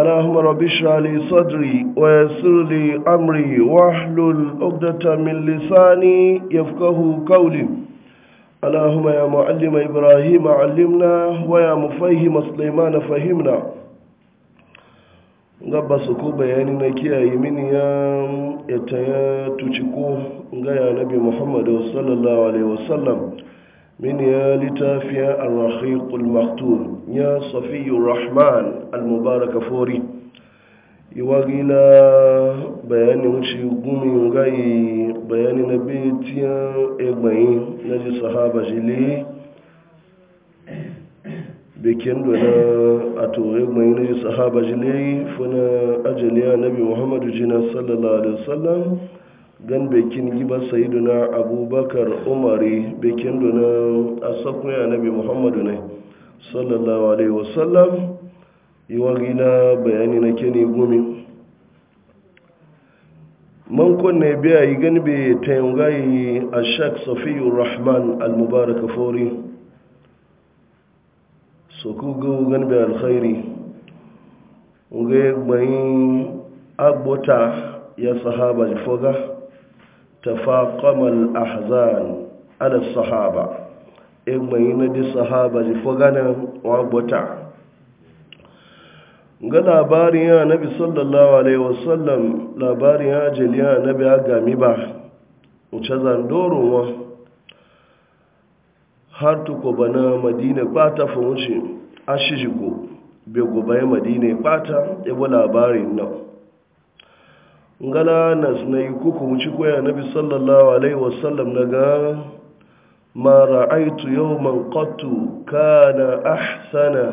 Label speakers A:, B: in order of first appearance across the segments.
A: اللهم رب اشرح لي صدري ويسر لي امري واحلل عقدة من لساني يفقه قولي اللهم يا معلم ابراهيم علمنا ويا مفهم سليمان فهمنا ngab su ko bayani na kiyaye mini ya ya tuci ko ga ya nabi muhammadu sallallahu alaihi wasallam من يا لتافيا الرخيق المختوم يا صفي الرحمن المبارك فوري يواغينا بياني وشي قومي بيان بياني تيا اغمي نجي صحابة جلي bikin dona a turai نجي صحابة جلي فنا funa ajaliya محمد جنا صلى الله عليه وسلم gan bekin giba sayiduna abubakar umari bekin dunan ya nabi muhammadu ne sallallahu alaihi wasallam yi wagina bayani na kene gumi man kone biya yi gan be tayungayi a shak safiyu rahman al-mubarak fori so ku ga gan be alkhairi ngai gbayin agbota ya sahaba foga تفاقم الأحزان على الصحابة إما يندي الصحابة لفغانا وعبوتا ga labarin ya nabi sallallahu alaihi wasallam labarin ya jeli ya nabi ya gami ba wuce zandoro wa har tuko bana madina kwata fa wuce ashijigo bai gobe madina kwata ibo labarin nan ngala nas na yi kuku mu ci koya nabi sallallahu alaihi wasallam na ga ma ra'aitu yawman qattu kana ahsana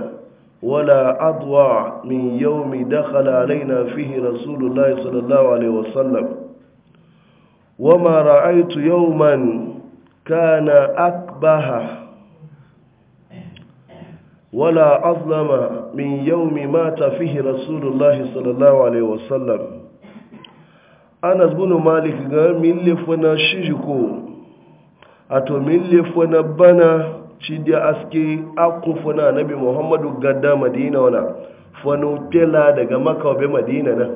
A: ولا أضوع من يوم دخل علينا فيه رسول الله صلى الله عليه وسلم وما رأيت يوما كان أكبه ولا أظلم من يوم مات فيه رسول الله صلى الله عليه وسلم anas bin malik ga min lefana shijiko a to min lefana bana ci da aske akun fana nabi muhammadu gadda madina wana fano pela daga makawabe madina na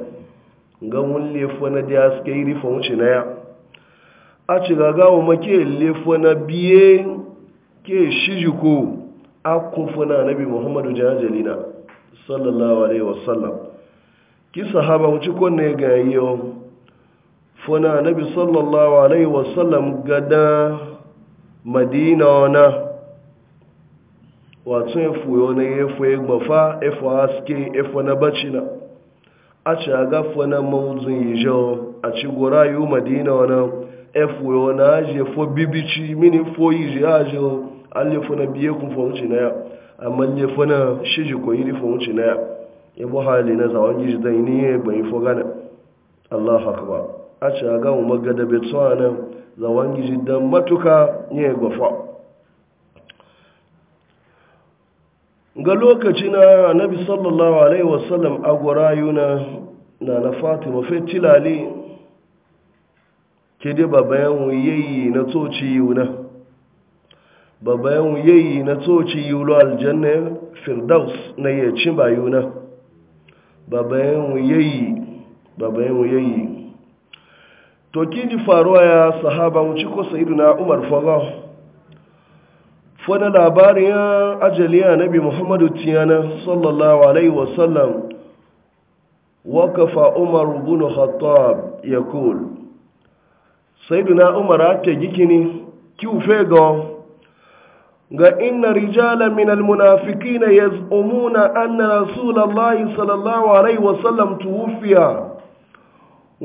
A: ga mun lefana da aske iri fahimci na ya a ci gagawa make lefana biye ke shijiko akun fana nabi muhammadu jajalina sallallahu alaihi wasallam ki sahaba wuce kwanne ga yau funa nabi sallallahu alaihi wasallam gada madina ona wato efu yana efu egbafa efu haske efu na bacina a ci aga funa mauzin yijo a ci gora yi madina ona efu yana aje fo bibici mini fo yiji aje alifu na biye kun fahimci na ya amma lefu na shiji ko yiri fahimci na ya yabo hali na zawon yiji da yi ne ya gbayi fo gana Allah akbar a shaga mu magada bai tsawa nan zawon gizi don matuka ne gwafa ga lokaci na nabi sallallahu alaihi wasallam agwara yuna na na fatima fetilali ke dai babayan wuyayi na toci yuna babayan wuyayi na toci yulo aljanna firdaus na yacin bayuna babayan wuyayi babayan wuyayi to kini faruwa ya sahaba wuce ko na umar faga fada labarin ya ajaliya nabi muhammadu tiyana sallallahu alaihi wasallam wakafa umar bin khattab ya kul na umar ake gikini kiufe ga ga inna rijala min almunafiqina yaz'umuna anna rasulullahi sallallahu alaihi wasallam tuwfiya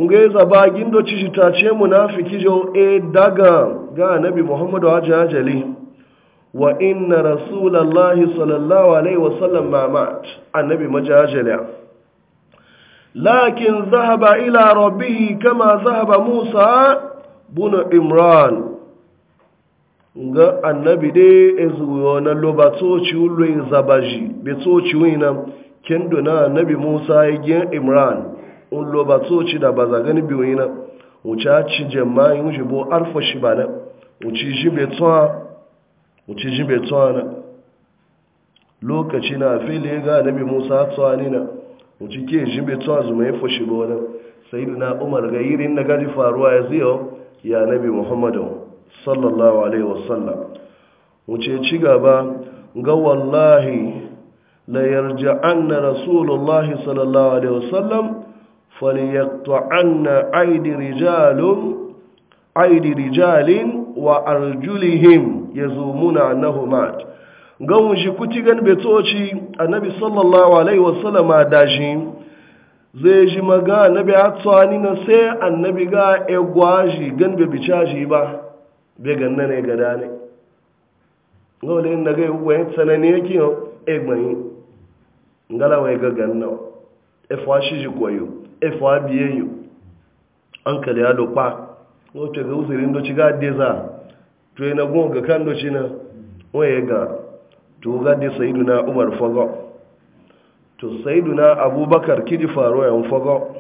A: ngai zaba gindo ci ta ce munafiki jo e daga ga nabi muhammadu hajji hajjali wa inna rasulallahi sallallahu alaihi wasallam mamat annabi majajala lakin zahaba ila rabbihi kama zahaba musa buna imran ga annabi dai ezuwo na lobatoci ulo zabaji betoci wina kendo na annabi musa ya gyan imran in lo ba tso ci da ba za gani biyu na, wuce ci jemma yi wuce bo arfa shi ba na wuce shi bai tsawa wuce na lokaci na fili ga nabi musa tsawa ne na wuce ke shi bai tsawa zuma ya fashi ba wani sai na umar ga yirin na gadi faruwa ya ziyo ya nabi muhammadu sallallahu alaihi wasallam wuce ci gaba ga wallahi la yarja'anna rasulullahi sallallahu alaihi wasallam فليقطعن أيدي رجال أيدي رجال وأرجلهم يزومون أنه مات gawun shi kuti gan betoci annabi sallallahu alaihi wasallama dashi zai ji maga annabi a na sai annabi ga egwa shi gan be ba be ganna ne gada ne gawale na ga yuwa ya tsanani yake egbayi ngala wai ga ganna e fashi ji koyo efu abiye yi an kali ya lokpa wacce ga usiri ndoci ga deza to na gun ga kan ndoci na waye ga to ga de sayyiduna umar fago to na abubakar kidi ya yan fago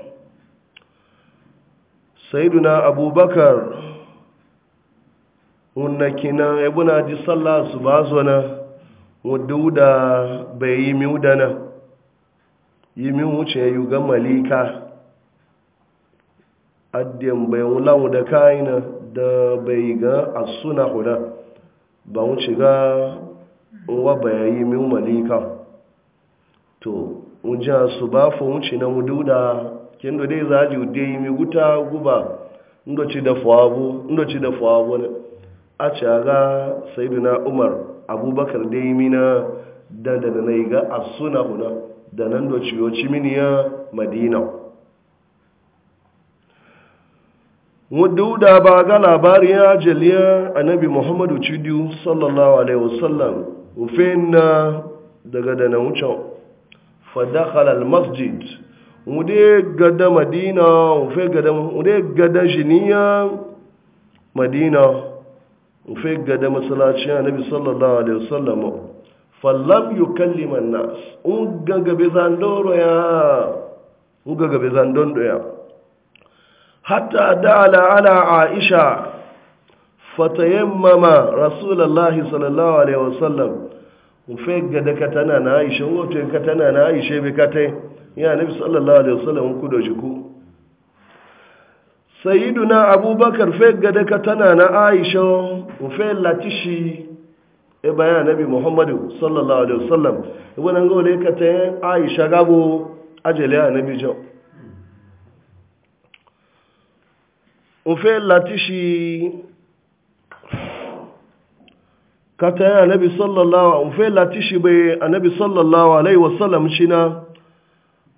A: na abubakar unna kina ebuna ji sallah su ba zo na wuda bai yi miudana yi miuce yuga malika addin bai wulan da kaina da bai ga a suna huda ba mu shiga wa bayayi min malika to unja su ba fa wuce na mududa kin da dai zaji dai mi guta guba ndo ci da fawo ndo ci da fawo ne a ci ga sayyidina umar abubakar dai mina da da na ga asuna huda da nan do yo ci mini ya madina wadda ba ga labarin ya jaliya annabi muhammadu cidiyu sallallahu alaihi wasallam ufen na daga da na wuce wucin fadakal almasjid wude gada madina ufe gada wude gada jiniya madina ufe gada masalacin annabi sallallahu alaihi wasallam fallam yukallima nas un gagabe zandoro ya un gagabe zandondo ya hatta dala ala aisha fatayammama rasulullahi sallallahu alaihi wasallam na aisha wato katana na aisha bai katai ya nabi sallallahu alaihi wasallam ku da shi ku sayyiduna abubakar fe gada katana na aisha ufe latishi e bayan nabi muhammadu sallallahu alaihi wasallam wannan gole katai aisha gabo ajali ya nabi ofe latishi kata yana anabi sallallahu ofe latishi bai anabi sallallahu alaihi wasallam shina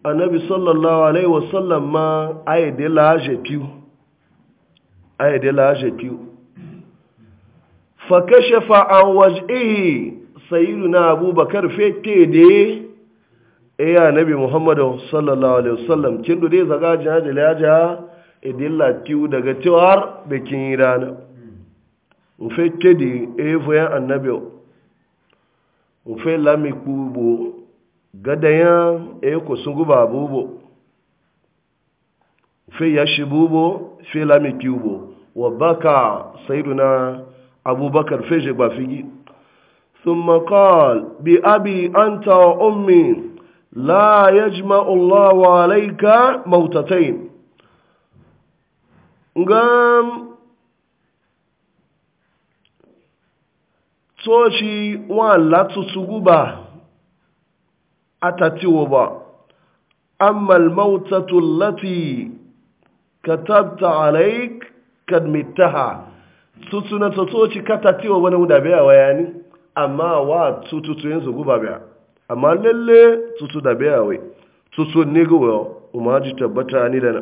A: anabi sallallahu alaihi wasallam ma aide laje piu aide laje piu fakashafa an waj'ihi sayyiduna abubakar fete de eya nabi muhammadu sallallahu alaihi wasallam kin dai zaga jaja jaja idin latiyu daga cewar bikin rana ufe kedi evoyan annabiyo ufe lamiku bu gadayan eko sun guba bubo ufe yashi bubo fe lamiku bu wa baka sayiduna abubakar feje gbafigi bi abi anta wa ummi la yajma'u Allahu alayka موتتين ngam tsoci wa latutu tsuguba a tatiwo ba amma almautatu ka katabta alaik kad mitaha tutuna tsoci ka tatiwo na wuda biya waya ni amma wa tututu yin guba biya amma lalle tutu da biya wai tutun ni guwa umarji tabbata ni da na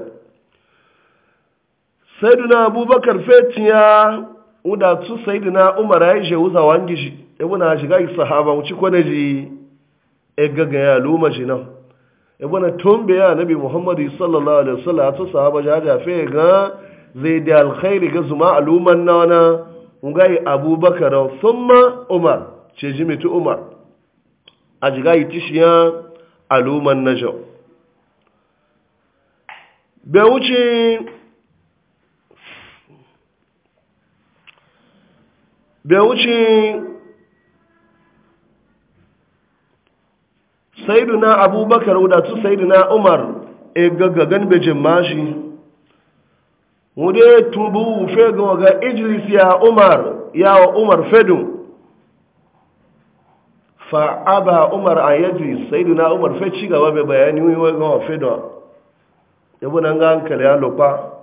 A: sayyidina abubakar fetiya uda tu sayyidina umar ya je uza wangi shi ebu na shiga sahaba wuci kwane ji e gaga ya luma shi nan ebu na tumbe ya nabi muhammadu sallallahu alaihi wasallam tu sahaba ja ja fe ga zai da alkhairi ga zuma aluman nana yi abubakar thumma umar ce ji mitu umar a jiga yi tishiya aluman najo bai wuce bai wuce saiduna abubakar wadatu saiduna umar e gaggagan bejin mashi wude tubu fego ga ijlis ya umar ya wa umar fedu fa'aba umar a yajlis saiduna umar fe ci gaba bai bayani wiwa ga wa fedu yabunan ga hankali ya lokwa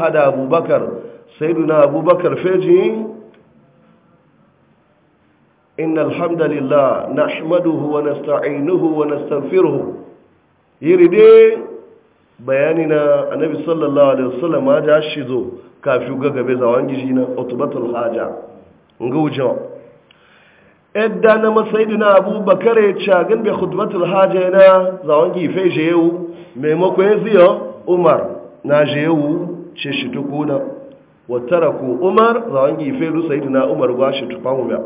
A: hada abubakar سيدنا أبو بكر فيجي إن الحمد لله نحمده ونستعينه ونستغفره يريد بياننا النبي صلى الله عليه وسلم ما جاء الشيزو كافي وقاقا بيزا وانجينا أطبة الحاجة نقوجا إدى نما سيدنا أبو بكر يتشاقن بخطبة الحاجة هنا زوانجي في جيو ميمو كويزيو عمر ناجيو تشيشتو كونا ku umar zawangi fedu sayyidina umar bashi tufamu ba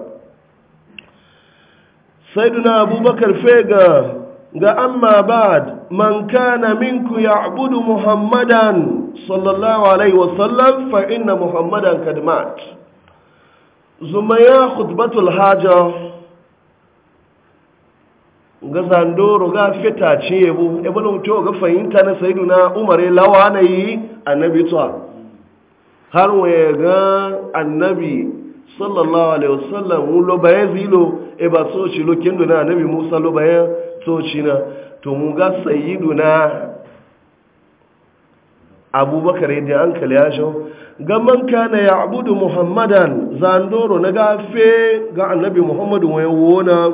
A: sayyidina abubakar fega ga amma ba'd man kana minku ya'budu muhammadan sallallahu alaihi wasallam fa inna muhammadan kad mat zumaya khutbatul haja ga zandoro ga fita ce yabo ebo no to ga fahimta na sayyidina umar e lawa nayi annabi to har waya ga annabi sallallahu alaihi wasallam lo baye zilo e ba so shi kendo na annabi musa lo baye so shi na to mu ga sayyiduna abubakar yadda an kale ya shau ga man kana ya abudu muhammadan zandoro na gafe ga annabi muhammadu waya wona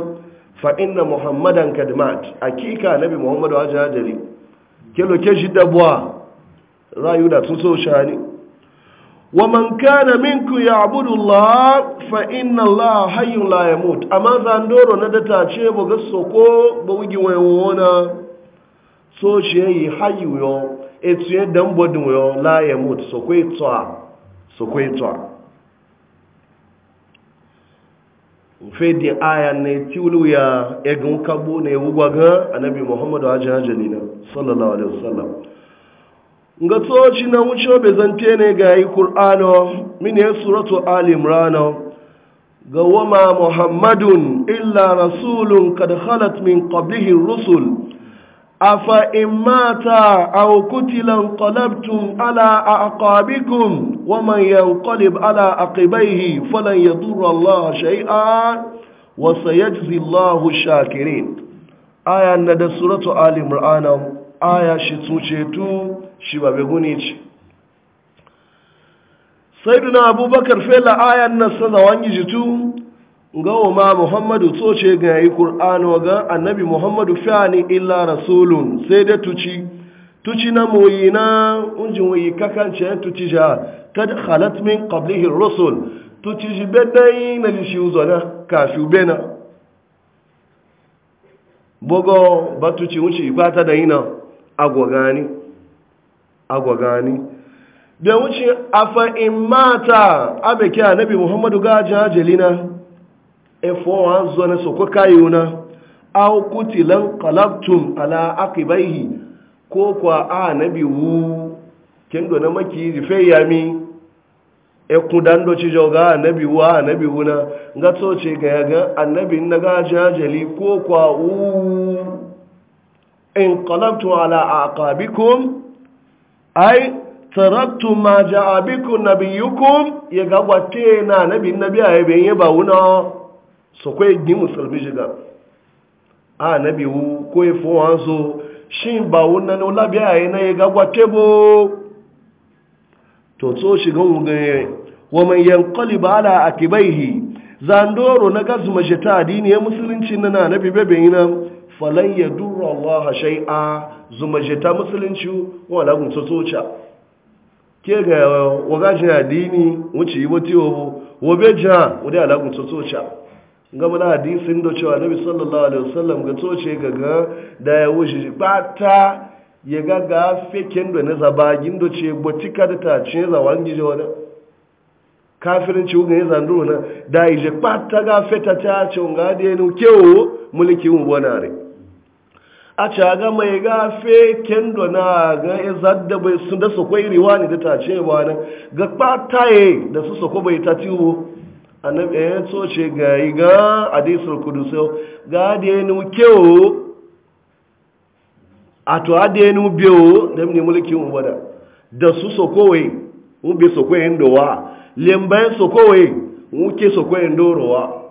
A: fa inna muhammadan kadmat akika annabi muhammadu kelo ke shi dabwa rayu da tun so shani wama nke na min kuya abudula fna lahailamot amazndoronadetachibogo sowo gbow gị wena tochi yi ha yi y etuedemgbodị o lyamot soksokwet mfedị aha nne chiwuliya egokagbu na ewu gwao anabi mohaed ajjsalasala ga tsoci na wuce bai zante ne ga yi ƙur'ano mini suratu alimrano ga wama muhammadun illa rasulun kad khalat min qablihi rusul afa in mata aw kutilan qalabtum ala aqabikum wa man yanqalib ala aqibaihi falan yadurra Allah shay'a wa sayajzi allah shakirin aya na da suratu rana, aya shi tsuce tu shi ba bai guni ce sai duna abubakar fela ayan na sa zawon gijitu ga ma muhammadu tsoce ga yi ƙur'anu ga annabi muhammadu fiyani illa rasulun sai da tuci tuci na moyi na unjin wuyi kakan ce tuci ja kad khalat min qablihi rasul tuci ji bedai na ji shi na kafi bena bogo batuci wuce ba ta da na agwagani agwa gani da wuce afa imata abeke anabi muhammadu gajin ajalina efowa zuwa na sokwa kayuna aw kutilan qalabtum ala akibaihi ko kwa anabi wu kendo na maki rife yami e kudan do ga anabi annabi wa annabi wuna ga to ce ga ga annabi na gajin ajali ko kwa u in qalabtu ala aqabikum ai taraktu ma ja'a bikum nabiyukum ya gabate na nabi nabi yabe yi ya wuna so ko gi musulmi jiga a nabi wu ko e fo anzo shin bawuna no labi ayi na ya gabate bo to so shiga wuga wa man yanqalib ala akibaihi zandoro na shi ta adini ya musulunci na nabi bebe nan falan ya dura Allah shai'a zumajeta musulunci wala gun tsotoca ke ga wagajin adini wuce yi wata yobo wabe jiha wadda ala gun tsotoca gama na hadisin da cewa nabi sallallahu alaihi wasallam ga tsoce gaga da ya wuce bata ya ga ga fekin da na zabagin da ce gbotika da ta ce zawan gije wani kafirin ci wuga ya zandu na da ije bata ga feta ta ce wunga da ya nuke wo mulkin wani a caga mai gafe kendo na ga zadda bai sun da su kwai riwa ne da ta ce ba nan ga kpataye da su sako bai ta a annabi ya so ce ga yi ga kudu sau ga da ya nu kewo a to a da ya nu biyo da ne mulkin ubada da su sako wai mun bi sako yin dowa lembayin sako wai mun ke sako yin dorowa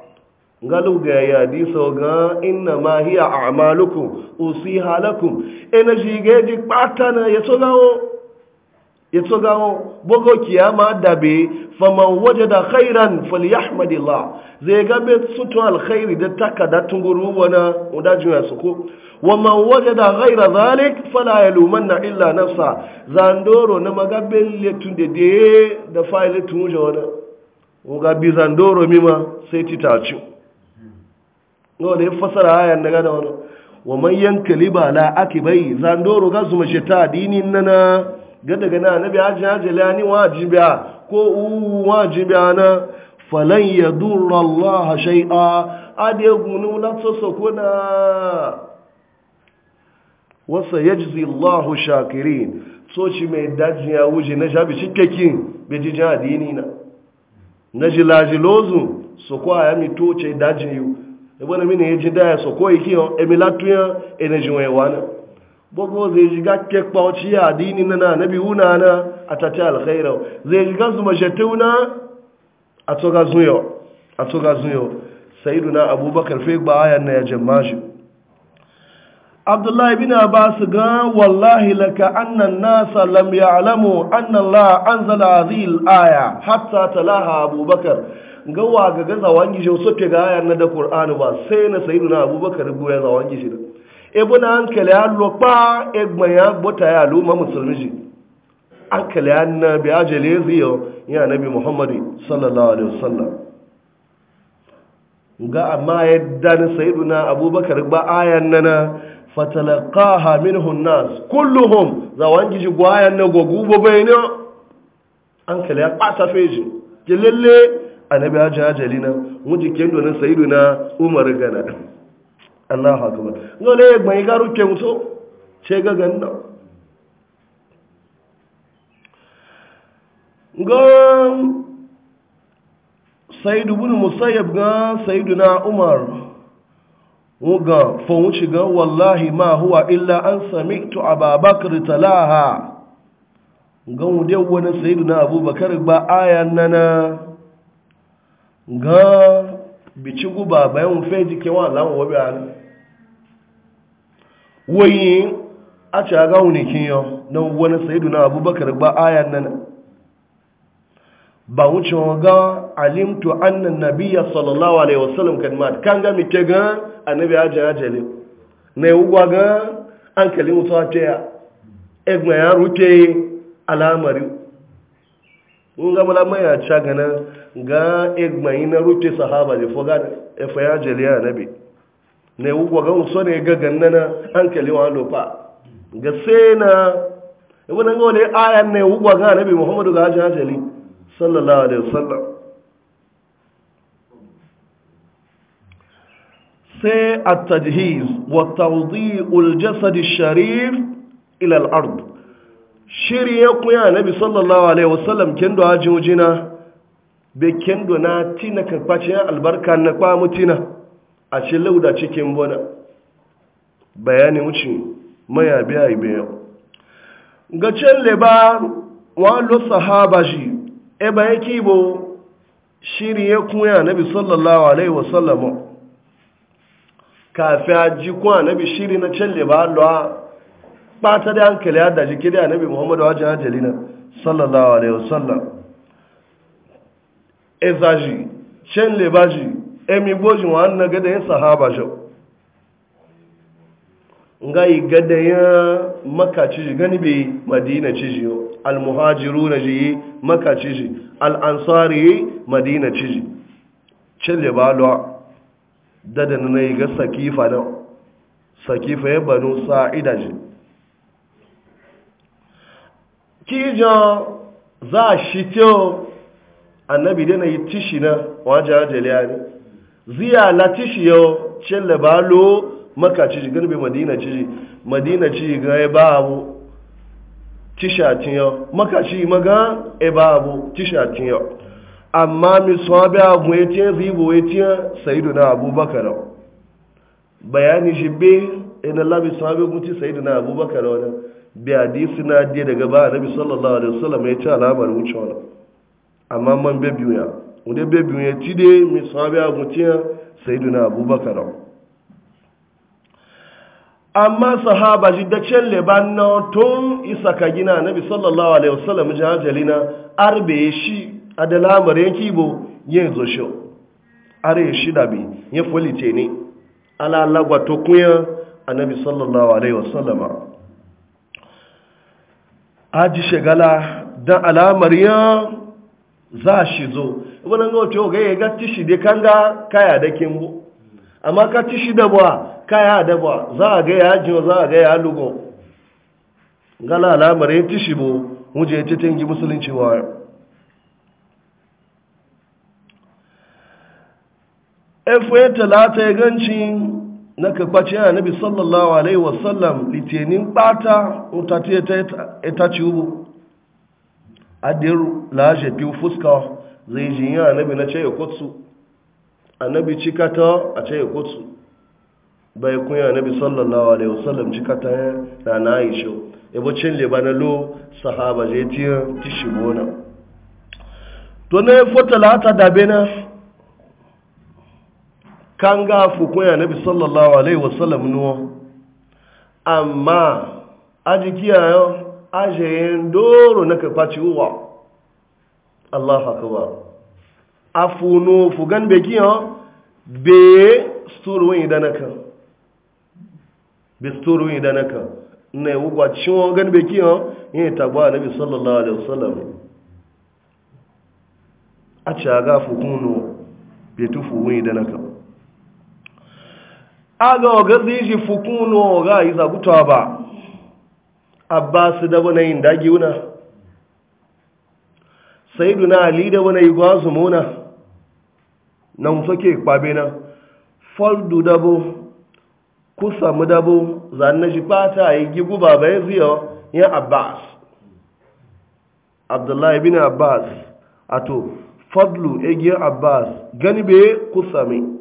A: galu ga di so ga inna ma hiya a'malukum usiha lakum ina jige di patana yato gawo yato gawo bogo kiyama dabe faman wajada khairan falyahmadillah zai ga be sutu alkhairi da takada tunguru wana udajin su ko waman wajada ghaira zalik fala yalumanna illa nafsa zandoro na magabin letun da de da fa'ilitun wana Uga bizandoro mima sai titacu. no ne ya fasara ayan daga da wani wa man yankali ba la akibai zandoro ga su mace ta dini nana ga daga na biya hajji hajji lani wajibiya ko uwu wajibiya na falon ya dura Allah shai'a adegunu latsoso na wasa ya jizi Allah shakirin soci mai daji ya wuce na shafi cikakin bejijin dini na na jilajilozu su kwa ya mito ce daji yiwu na ebona mini eji daya so ko iki yo emilatuya energy wa wana bogo zai jiga kekpa oci ya adini nana nabi una na atati alkhaira zai jiga zuma jetuna atoga zuyo atoga zuyo sayyiduna abubakar fe gba ayan na ya jamashi abdullahi bin abbas ga wallahi laka anna an-nas lam ya'lamu anna la anzala hadhihi al-aya hatta talaha abubakar ga wa ga ga zawangi jo so ga ayar na da qur'ani ba sai na nuna abubakar go ya zawangi shi ebo na kele ya lokpa egbe ya bota ya luma musulmi shi kele ya na bi ajele ziyo ya nabi muhammadu sallallahu alaihi wasallam ga amma yadda na na abubakar ba na na fatalaqaha minhun nas kulluhum zawangi ji gwayan na gogubo An kele ya ɓata fejin ki lalle annabi ya ji hajjali na wujin kendo na sayidu na umar gana allah akabar. no ne mai yi garu ke ce ga ganna ga sayidu bin musayyab ga sayidu na umar wuga fawun ga wallahi ma huwa illa an sami tu ababakar talaha
B: ga wudewa na
A: sayidu na abubakar ba ayan nana ga bici guba bayan wufe jike wa lamun wabi a nan wayi a ci a na ne kiyo wani sayidu na abubakar ba aya na ba wuce wa ga alimtu annan nabiya sallallahu alaihi wasallam kan ma kan ga mi te ga annabi aje aje na ne ugwa ga an kalimu ta ta ya egma ya rute alamari in gabala mai ya ca gana ga egbayi na rufe sahaba da foga efe ya jeliya na bi ne yi ugwa ga nso ne ga ganna na hankali wa lofa ga sena na ibu e na gawale ayan ne yi ugwa ga nabi muhammadu ga hajji jeli sallallahu alaihi wasallam sai a tajhiz wa tawdi'ul jasad sharif ila al-ard shiri ya kuya nabi sallallahu alaihi wasallam kendo a jojina be kendo na tina karfacin albarka na kwa mutina a ce lauda cikin bona bayanin wuce maya biya ibe yau ga can leba walo sahaba shi e ba ya kibo shiri ya kuya nabi sallallahu alaihi wasallam kafin a ji kuwa nabi shiri na can leba lo'a bata da hankali ya da jike da annabi muhammadu wajen jalina sallallahu alaihi wasallam ezaji chen lebaji emi boji wa na gada yin sahaba jau nga yi gada ya maka ciji gani bi madina ciji almuhajiru na ji maka ciji al'ansari madina ciji chen lebalwa dada na yi ga sakifa na sakifa ya banu sa'ida ji kijan za a shi kyau annabi dai na yi tishi na wajen ajaliya ne ziya la tishi yau celle ba maka ciji garbe madina ciji madina ciji ga ya e ba abu tishatin yau maka ci maga ya e ba abu tishatin amma mi swabe abu ya e tiyan zibo ya tiyan sayidu na abubakar bayani shi be ina labi swabe guti sayidu na abubakar wani bi hadisi na diya daga ba annabi sallallahu alaihi wasallam ya ci alamar wucewa amma man be biyu ya be biyu ti de mi mai sahabi a sayyiduna abubakar amma sahaba shi da can lebanon tun isa ka gina annabi sallallahu alaihi wasallam ji hajalina arbe shi a da lamar yanki bo yin zo are shi da bi ya folite ne ala lagwa to kuya annabi sallallahu alaihi wasallam ji shagala don alamar yin za shi zo wani ga to ga yi ga tishi dai kan ga kaya da kimbo amma ka tishi da buwa kaya da buwa za a ga yaji za a ga ya lugo gala alamar yin tishi bu wuje ya titin musulunci wa efu ya talata ya ganci na kakwace yana nabi sallallahu alaihi wasallam litinin bata utati ta ci ubu adir laje biyu fuska zai ji yana nabi na ce ya kotsu annabi cikata a ce ya kotsu bai kun yana nabi sallallahu alaihi wasallam cikata na na yi shi ebo cin libanin lo sahaba zai tiyar tishi bona to ne ta dabe na kan gafu kun ya nabi sallallahu alaihi wasallam nuwa amma ajikiya yo aje doro na kafaci uwa Allahu akbar afunu fugan be kiyo be sturuin idanaka be sturuin idanaka ne ugwa chiwo gan be kiyo yin tagwa nabi sallallahu alaihi wasallam a ci agafu kunu be tufu wun idanaka aga oga ziji fukunu oga iza gutwa ba abbas da wani yin dagi wuna sayyiduna ali da wani yi gwazu muna nan fake kwabe na faldu dabo kusa mu dabo zanna shi fata yi gigu baba yin ziyo yin abbas abdullahi bin abbas ato fadlu egiyar abbas gani be kusa mai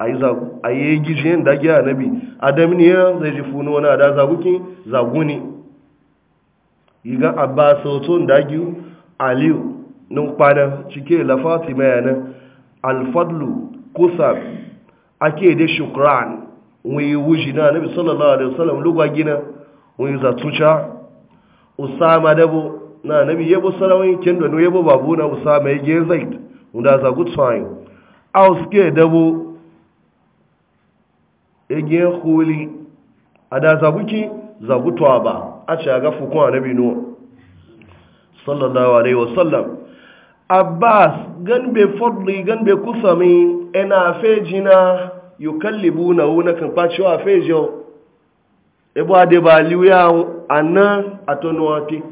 A: a yi gishiyen da giya nabi adam ne zai ji funu wani da zagukin zaguni ga abba sauton da giyu aliyu nun kwanan cike la fatima yana alfadlu kusa ake da shukran wani wuji na nabi sallallahu alaihi wasallam lugwa gina wani zatuca usama dabo na nabi yabo sarawin kendo no yabo babu na usama yage zaid wanda a wasu ke dabo ege huli a da zaguki zagutuwa ba a ce a gafi kuma na binu sallallahu alaihi wasallam abbas gan be fadli gan be kusami ina fejina yukallibu na wuna kan kwaci wa fejo ebo ade ba a anan atonuwati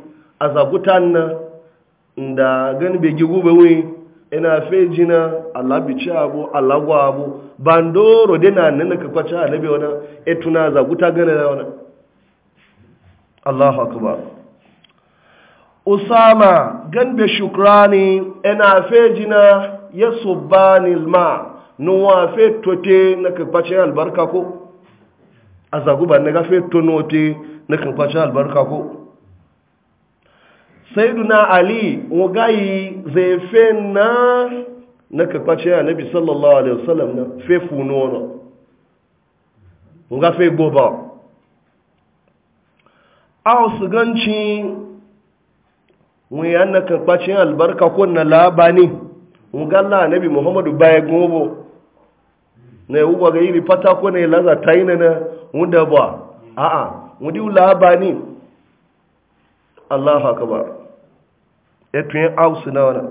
A: a zagutan nan da gan be gigube wuyi ina fe jina Allah bici abu alagwa abu bandoro de na nan ka kwace alabe wana e tuna za gane da wana Allahu akbar Usama ganbe shukrani ina fe jina yasubani ma nuwa fe tote na ka kwace albarka ko azaguba na ga fe tonote na ka kwace albarka ko سيدنا ali وغاي zai فينا na na kakwace صلى الله عليه alaihi في na وغا في بوبا fe سغنشي وي su ganci wuyan na كنا albarka ko na labani nga la nabi muhammadu baya ga iri fata ko ne laza taina na wanda ba a'a wudi labani Allahu akbar etuyen ausu na wani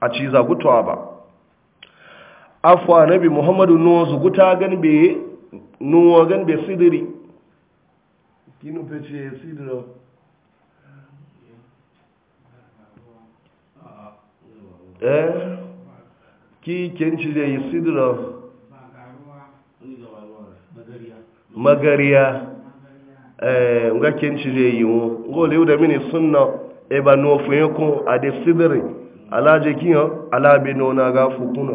A: a ci zagutuwa ba afuwa bi muhammadu nuwa zuguta gan be nuwa gan be sidiri kinu fece sidiro eh ki kenci da yi sidiro magariya eh nga kenci da yi wo ngole da mini sunna eba no fuyenko ade sidiri alaje kiyo alabe no na ga fukuna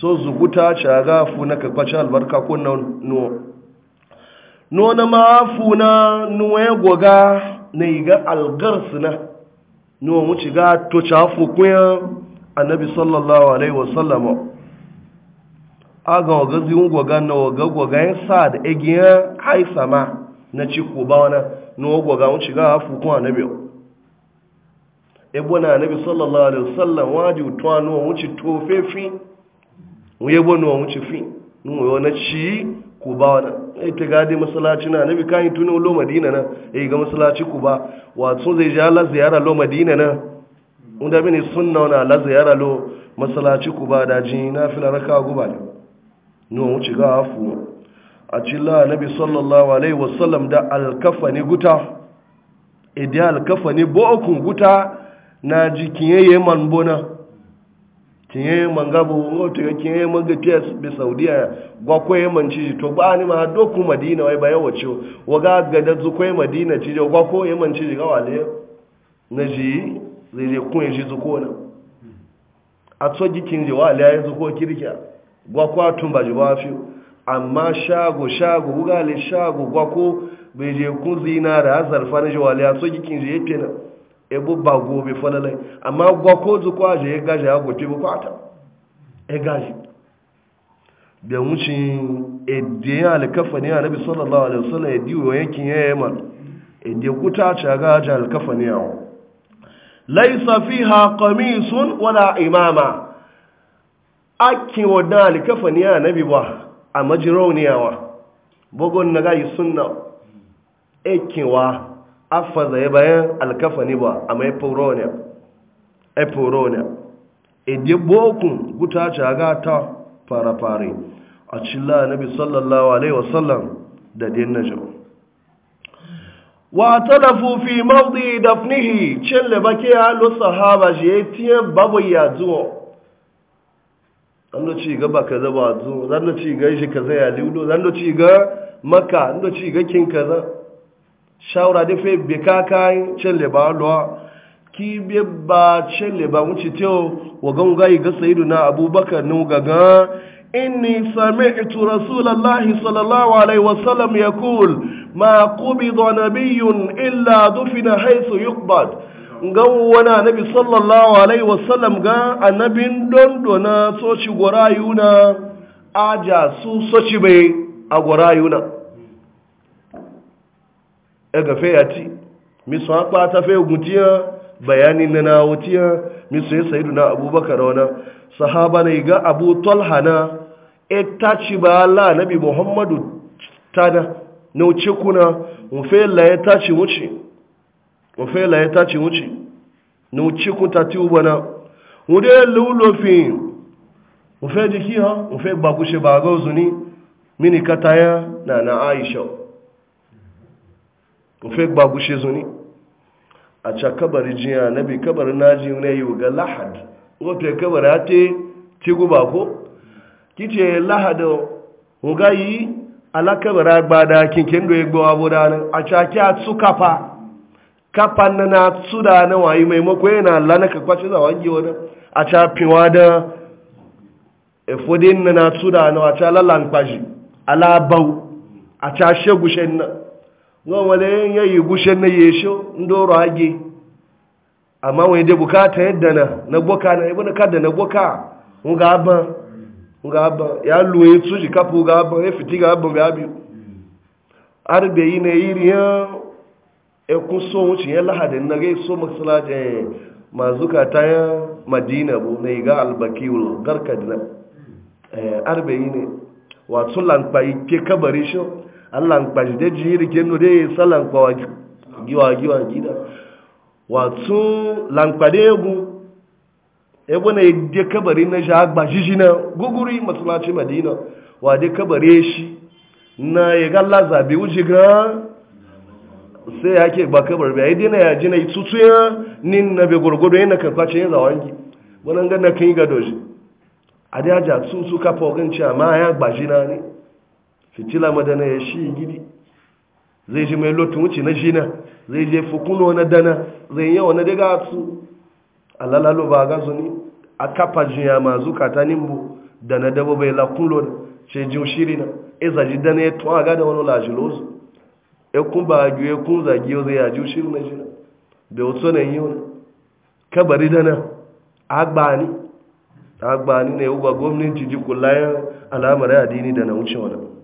A: so zukuta cha ga fu na ka kwacha albarka ko na no no na ma fu na nuwe goga na iga algarsina no mu ci ga to cha fu kuya annabi sallallahu alaihi wasallam aga oga zi goga na oga goga yin sa da egiyan haisama na ci ko ba wana no goga mu ci ga fu ko annabi ebona anabi sallallahu alaihi wasallam anu o wuci tofe fi wuye bono wuci fi nu na ci ku ba wa e te gade masallaci na anabi kan tuni lo madina na E, ga masallaci ku ba wato zai ji Allah ziyara lo madina na unda mini sunna na la ziyara lo masallaci ku ba da jin na fila raka guba ne nu wuci ga afu a ci la anabi sallallahu alaihi wasallam da alkafani guta idan alkafani bo okun guta na ji kinye man bona kinye man gabo ngoto ga kinye man ga be saudiya gwa ko man ci to ba ni ma doku madina wai ba yawo ci waga ga da zu madina ci gwa ko man ci ga wale na ji zai je kun ji zu ko na a tso ji kinje wale ya zu ko kirkiya gwa ko tun ba ji ba fi amma shago shago wuga le shago gwa ko bai je kun zina da zarfa na ji wale a tso ji kinje yake na ebo ba gobe falalai amma gwa ko zu kwaje ya gaje ya gobe bukata ya gaje da wuce ediyan alkafa ne annabi sallallahu alaihi wasallam e e ya diwo yankin ya yamma ediyan kuta ce ga aje alkafa ne yawo laisa fiha qamisun wala imama aki wadan alkafa ne annabi ba a majirauniyawa bugun na gayi sunna ekinwa afaza ya bayan alkafa ne ba a mai poronia a poronia ede bokun guta caga ta fara fari. a cilla na bi sallallahu alaihi wasallam da din na jau wa talafu fi mawdi dafnihi cin labake ya haba shi ya tiyan babu ya zuwa zan ci ga baka zaba zuwa zan ci ga shi ka zai ya liudo zan ci ga maka zan ci ga kin kaza shawara da fe be kakai chelle ba lo ki be ba chelle ba wuce teo wa ganga ga sayyiduna abubakar nu gaga inni sami'tu rasulullahi sallallahu alaihi wa wasallam yaqul ma qubida nabiyyun illa dufina haythu yuqbad ngan wana nabi sallallahu alaihi wa sallam ga annabin dondona so ci gorayuna aja su so ci bai a gorayuna egafe ya ci misu haɓa ta fe gutiya bayanin na nawutiya misu ya sayidu na abubakar wana sahaba na ga abu tolha na e ta ci ba ala nabi muhammadu ta na wuce kuna mufe laye ta ci wuce mufe laye ta ci wuce na e wuce e kun ta ti ubana wude lulofin mufe jiki ha mufe bakushe ba ga zuni mini kataya na na aisha mufe gbagushe su ne a ca kabari jiya na bi kabari naji ne yi ga lahad te kabari a te tigu ba ko kice lahada ga yi ala kabari gbada kinkin da ya gbawa budanin a ca ki a su kafa kafan na na su da na wayi maimako yana lana ka kwace za wange wani a ca fiwa da efodin na na su da na a ca lalan kwashi ala bau a ca shegushen na. no wale ya yi gushen na yesho ndoro age amma wani dai bukata yadda na na boka na ibn kada na boka nga aban nga aba ya luwe tuji kapu ga aban ya fiti ga aban ga biyu arbe yi na yiri ya ekun so wuce ya lahadin na gai so masalaje mazuka ta ya madina bu na iga albakiul garkadina eh, arbe yi ne wato lankpa ike kabari shi Allah gbajide jiri kenu sala salan wa giwa giwa gida Wa wato lankwade egu ebo na ide kabari na shi agbajiji na guguri masulaci madina wa de kabari shi na ya ga bi uji ga sai ya ke ba kabar bi dai na ya ji na itutu ya nin na be gurgudu yana kan kwace ya zawangi wannan ga na kan yi gado shi a dai ja su kafa ogun ci amma ya gbaji na ne fitila madana ya shi gidi zai ji mai lotun wuce na jina zai je fukuno na dana zai yawa na daga su alalalo ba ga su ni a kafa jiya ma zukata nimbu da na dabo bai lakulo ce ji shiri na e zaji dana ya tuwa ga da wani lajilozu e kun ba gi e kun zagi yau zai yaji shiri na jina da wato na yi wani kabari dana agbani agbani ne ya gwamnati jiji kula ya alamar adini da na wuce wani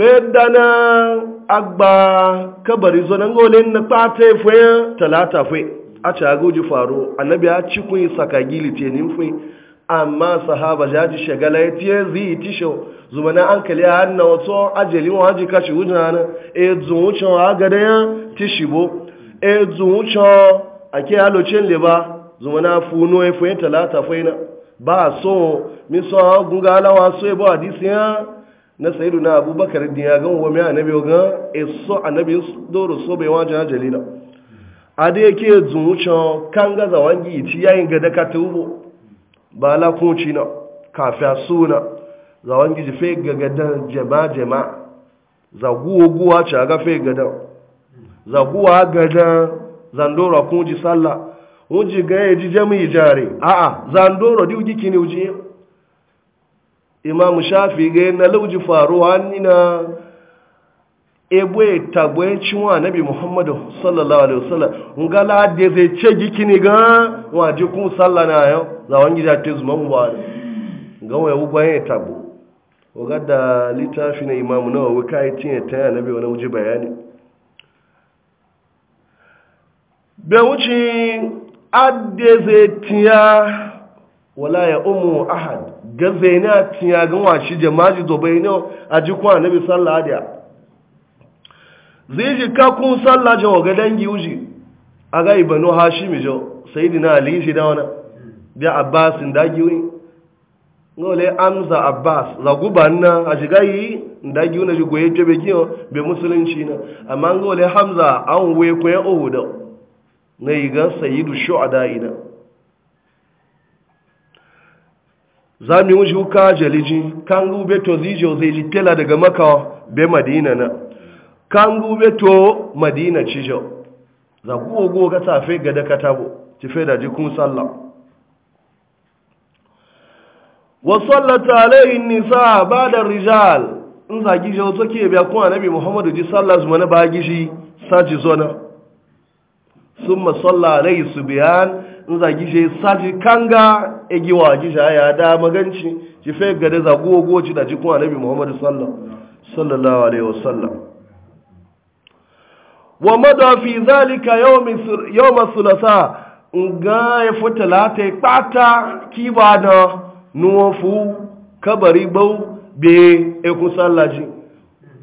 A: to yadda na agba kabari zo nan gole na fata ya fuye talata fuye a ci agoji faru annabi ya ci kun saka gili te nin fuye amma sahaba ya ji shagala ya tiye zi tisho zuma na an kale har na e wato ajali wa haji kashi wujina na e zuwucin wa gada ya tishi bo e zuwucin a ke halocin leba zuma na funo ya fuye talata fuye na ba so mi so gunga alawa so ya bo hadisi ya na sayidu na abubakar din ya gan wami annabi ga a eh, annabi doro so bai wajen na jalila ade yake zuwucin kan gaza wangi ci yayin ga ta tubo ba la kunci na kafiya suna za wangi ji fai ga gadan jama jama za guwa guwa ci ga fai gadan za guwa gada zandora kunji sallah wuji ga ya ji jami'i jare a'a zandora diuji kini uji imam shafi ga na lauji faruwa nina egbe tagbo e ci wa nabi muhammadu sallallahu alaihi wasallam nga la de ce gikini ga wa ji kun sallah na yo za wan gida te zuma mu ba ga ye tagbo o ga da litafi na imamu na wa kai tin e ta nabi wani wuji bayani be wuci adde tiya wala ya umu ahad gaza ne a tiya ga washi jamaji dobai ne a ji na nabi sallah da zai ji ka kun sallah ji ga dangi wuji a ga ibanu hashimi jo na ali shi da wani da abbasin dagi wuni ngole amza abbas zaguban gubanna a shiga yi da gi wuna shigo yake be kiyo be musulunci na amma n'ole hamza an we ko na yi ga sayyidu shu'ada ina za mu yi wuka jaliji kan gube to zijo zai ji tela daga maka be madina na kan gube to madina cijo za ku go ga safe ga da tabo ci fe da jikun sallah wa sallata alaihi nisa ba'da rijal in za gi jo ke biya kuma annabi muhammadu ji sallah zuma na ba gi shi saji zona summa salla su biyan. in zagi shi sati kanga egiwa gisha ya da maganci ci fe gade za gogo ci da jikun annabi muhammadu sallallahu alaihi wasallam wa mada fi zalika yawma thulatha ga ya talata ya kpata kiba na nufu kabari bau be ekun sallaji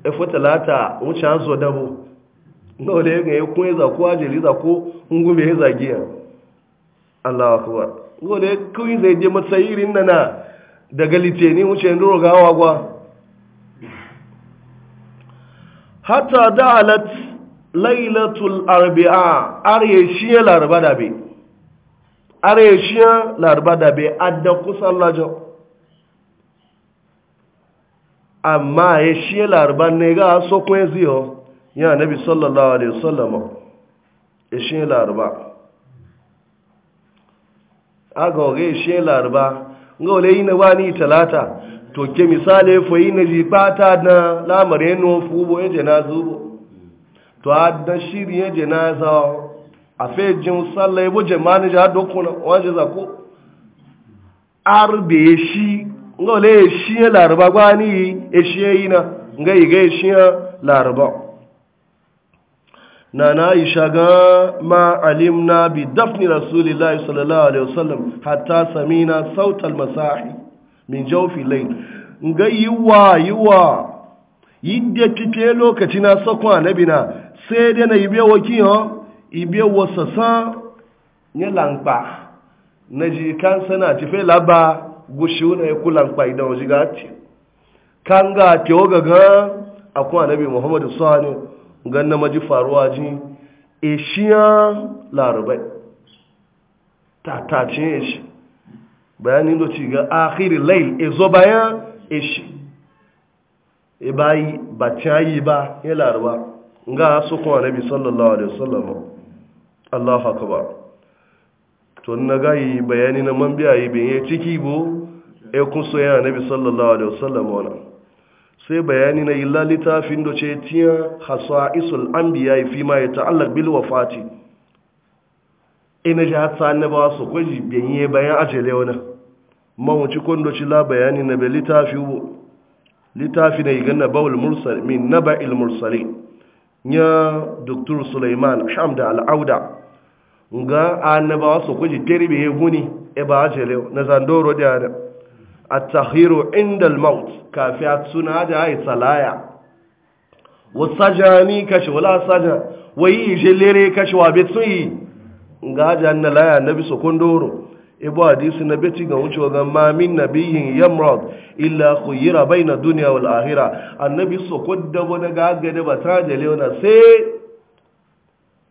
A: ya fi talata wuce an zo dabo na wale ya kun yi zako ajiyar zaku zako ngume zagiya Allah akbar gode kuyi zai je matsayirin nana daga litini wuce ndoro gawa gwa hatta da'alat lailatul arbi'a arye laraba da be arye shiya laraba da be adda kusan lajo amma ya shiya laraba ne ga sokwe ziyo ya nabi sallallahu alaihi wasallam ya shiya laraba aga oge she laraba nga ole yi na wani talata to ke misali fo yi na ji bata na lamarin no fubo e janaza bo to da shiri e janaza a fe jin sallah e bo jama'ani ja dokuna waje za ko arbe shi nga ole shi larba gwani e shi yi na nga yi ga shi laraba. na na aisha ga ma alimna bi dafni rasulillahi sallallahu alaihi wasallam hatta na sautal masahi min jawfi layl nga yiwa yiwa yidde kike lokaci na sako annabi na sai dai na ibe waki ho ibe wasasa ne lanpa na ji kan sana ti fe laba gushu na ku lanpa idan ji ga ti kan ga ti ogaga akwai annabi muhammadu sallallahu ganna maji faruwa ji eshiya larabai tatacin eshi bayanin da ci ga akhiri lail e zo bayan eshi e bayi ba cayi ba ya e laruba ga su kuma nabi sallallahu alaihi wasallam Allahu akbar to na gayi bayani na man biya yi bin ya ciki bo e kun so ya nabi sallallahu alaihi wasallam wannan sai bayani na illa littafin da ce tiya hasa isul an biya fi ma ya ta'allar bil wafati ina ji hatta na ba su kwaji biyan bayan ajiyar wani mawuci kwandoci la bayani na bai littafi littafi na igan na bawul mursali min naba il mursali ya doktor suleiman sham da al'auda ga annabawa su kwaji teribe ya guni e ba ajiyar na zandoro da at-tahiru inda al-maut kafi a suna da ai salaya wasajani kashi wala saja wai wayi jelere kashi wa bai betsuyi ga haja na laya nabi sokondoro ibu hadisi na beti ga wuce ga ma min nabiyin yamrad illa khuyira baina dunya wal akhirah annabi sokodda wani ga ga da bata da leona sai a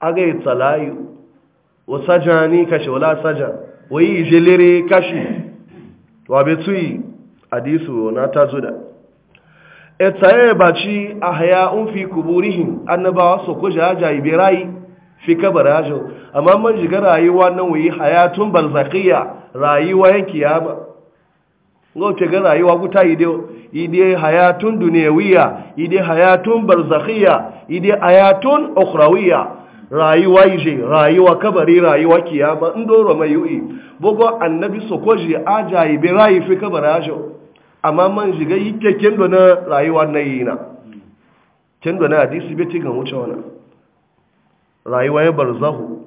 A: aga yi tsalayu wasa jani kashi wala saja wai wayi jelere kashi wabe tsuyi hadisu na ta zo da etsaye baci a haya un fi kuburihim annabawa su ko jajayi bai rayi fi kabar hajjo amma man shiga rayuwa nan wuyi hayatun barzakiya rayuwa yanki ya ba ga wace ga rayuwa yi dai hayatun duniyawiya ide hayatun yi dai hayatun okrawiya. rayuwa ije rayuwa kabari rayuwa kiyama ndoro mai yu'i bogo annabi sokoji ajayi be rayi fi kabara ajo amma man jiga yike kendo na rayuwa na na kendo na hadisi be na wuce rayuwa ya barzahu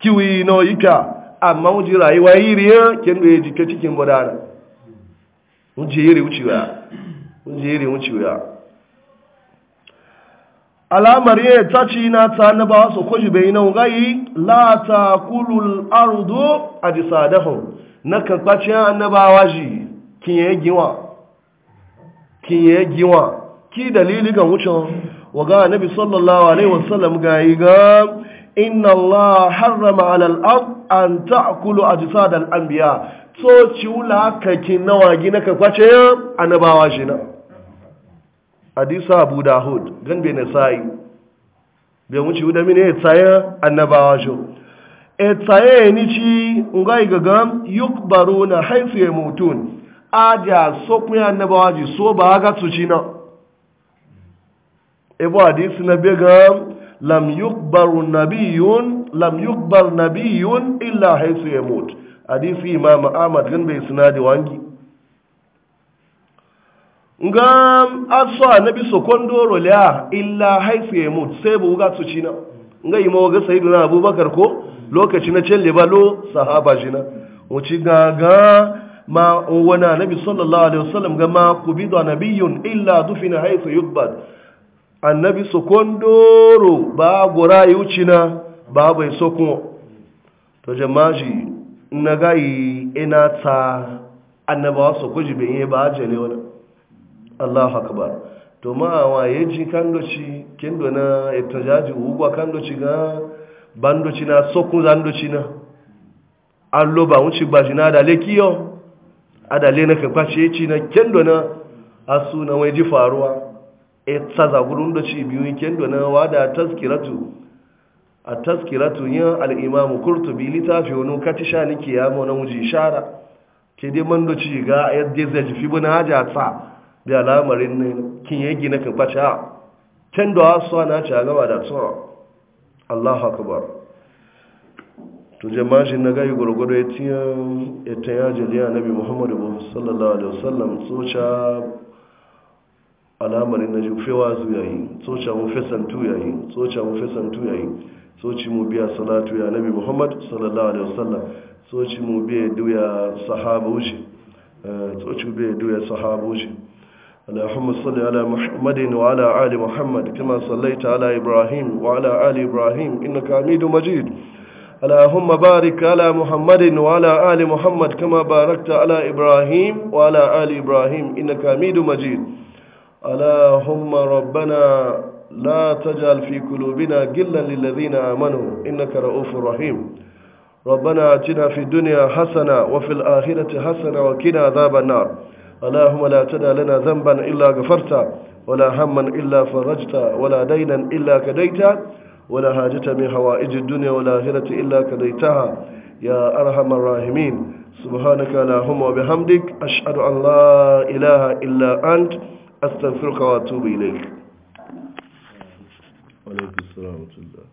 A: kiwi na yi ka amma wuce rayuwa ya kendo ya jike cikin gudana wuji yiri wuciwa wuji yiri wuciwa alamar ya ci na ta na ba su kwaji bai na gai la ta kulul ardu a hau. na karkacin annabawa ji kinye giwa kinye giwa ki dalili ga wucin ga nabi sallallahu alaihi wasallam ga yi ga inna allah harrama alal ard an ta'kulu ajsad al anbiya so wula kakin nawa na ba annabawa ji na hadisu abu dahud gan bai na sa'i bai wuce wuda mini ya tsaye annabawa shi Ya tsaye ni ci nga yuk baro na haifu ya mutun aja so kun annabawa ji so ba ga su ci na e hadisu hadisi na begam lam yuk nabiyun lam yukbar nabiyun illa haifu ya mut hadisu imam ahmad gan bai sinadi wangi nga aso annabi sokondoro la illa haifu ya mutu sai bu ga su cina nga yi mawaga sayyiduna abubakar ko lokaci na cin libalo sahaba jina wuci gaga ma wani annabi sallallahu alaihi wasallam ga ma kubidu nabiyun illa dufina haifu yubad annabi sokondoro ba gora na ba bai sokon to jama'i na yi ina ta annabawa sokoji bai yi ba jale wani Allahu akbar to ma wa yaji kandoci kendo na etajaji ugwa kandoci ga bandoci na zando zandoci na allo ba wuci gbaji na da lekiyo le na kan kwace ci na kendo na asu na waje faruwa etsa za gurundo da ci biyu kendo na wada tazkiratu a tazkiratu ya al-imam qurtubi litafi wani katisha shani kiyamo na wuji shara ke dai mando da ci ga yadda zai fi bin haja tsa bi alamarin ne kin yi gina kan kwacha can da wasu na ci a gaba da tsoro allahu akbar to jama'a shi na gari gwargwado ya tiyan ita ya jiliya nabi muhammadu sallallahu alaihi wasallam tsoca alamarin na jufewa zu yayi tsoca mu fesantu yayi tsoca mu fesantu yayi tsoci mu biya salatu ya nabi muhammad sallallahu alaihi wasallam tsoci mu biya duya sahabu shi tsoci mu biya duya sahabu shi اللهم صل على محمد وعلى آل محمد كما صليت على إبراهيم وعلى آل إبراهيم إنك حميد مجيد اللهم بارك على محمد وعلى آل محمد كما باركت على إبراهيم وعلى آل إبراهيم إنك حميد مجيد اللهم ربنا لا تجعل في قلوبنا غلا للذين آمنوا إنك رؤوف رحيم ربنا أتنا في الدنيا حسنة وفي الآخرة حسنة وقنا عذاب النار اللهم لا تدع لنا ذنبا إلا غفرته ولا هما إلا فرجته ولا دينا إلا كديته ولا حاجة من حوائج الدنيا والآخرة إلا كديتها يا أرحم الراحمين سبحانك اللهم وبحمدك أشهد أن لا إله إلا أنت أستغفرك وأتوب إليك وعليكم السلام ورحمة الله